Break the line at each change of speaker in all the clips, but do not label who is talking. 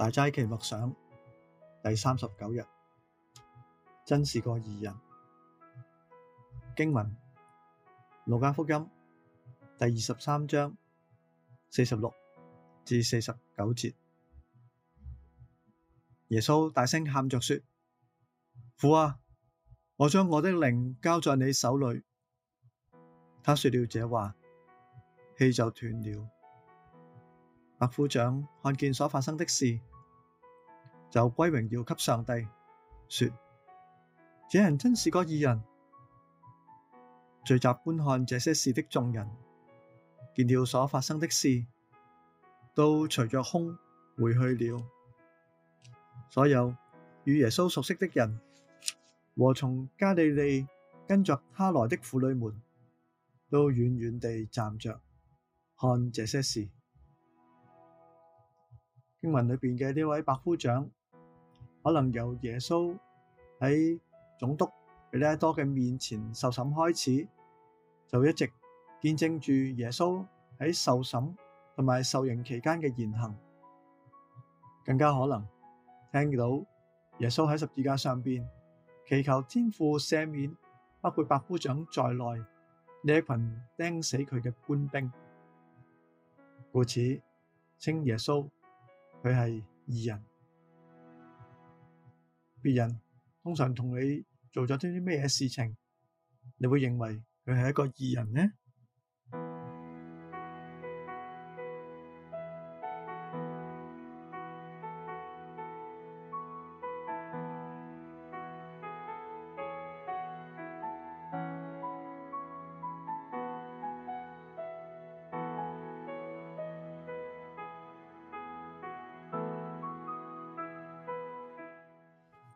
大齋期默想第三十九日，真是個義人。經文《路加福音》第二十三章四十六至四十九節，耶穌大聲喊着說：「父啊，我將我的靈交在你手裏。」他說了這話，氣就斷了。百夫長看見所發生的事。就歸榮耀給上帝，說：這人真是個義人。聚集觀看這些事的眾人，見了所發生的事，都隨着空回去了。所有與耶穌熟悉的人和從加利利跟着他來的婦女們，都遠遠地站着看這些事。經文裏邊嘅呢位百夫長，可能由耶穌喺總督彼拉多嘅面前受審開始，就一直見證住耶穌喺受審同埋受刑期間嘅言行，更加可能聽到耶穌喺十字架上邊祈求天父赦免包括百夫長在內呢一群釘死佢嘅官兵，故此稱耶穌佢係義人。別人通常同你做咗啲啲咩嘢事情，你會認為佢係一個義人呢？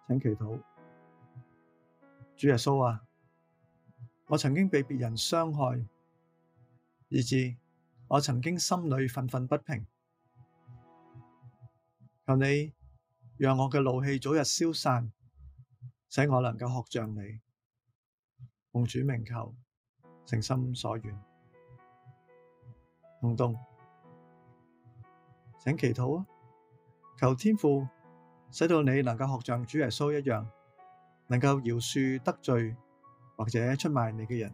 請祈禱，主耶穌啊，我曾經被別人傷害，以致我曾經心裡憤憤不平。求你讓我嘅怒氣早日消散，使我能夠學像你，奉主名求，誠心所願，行動，請祈禱啊，求天父。使到你能夠學像主耶穌一樣，能夠饒恕得罪或者出賣你嘅人。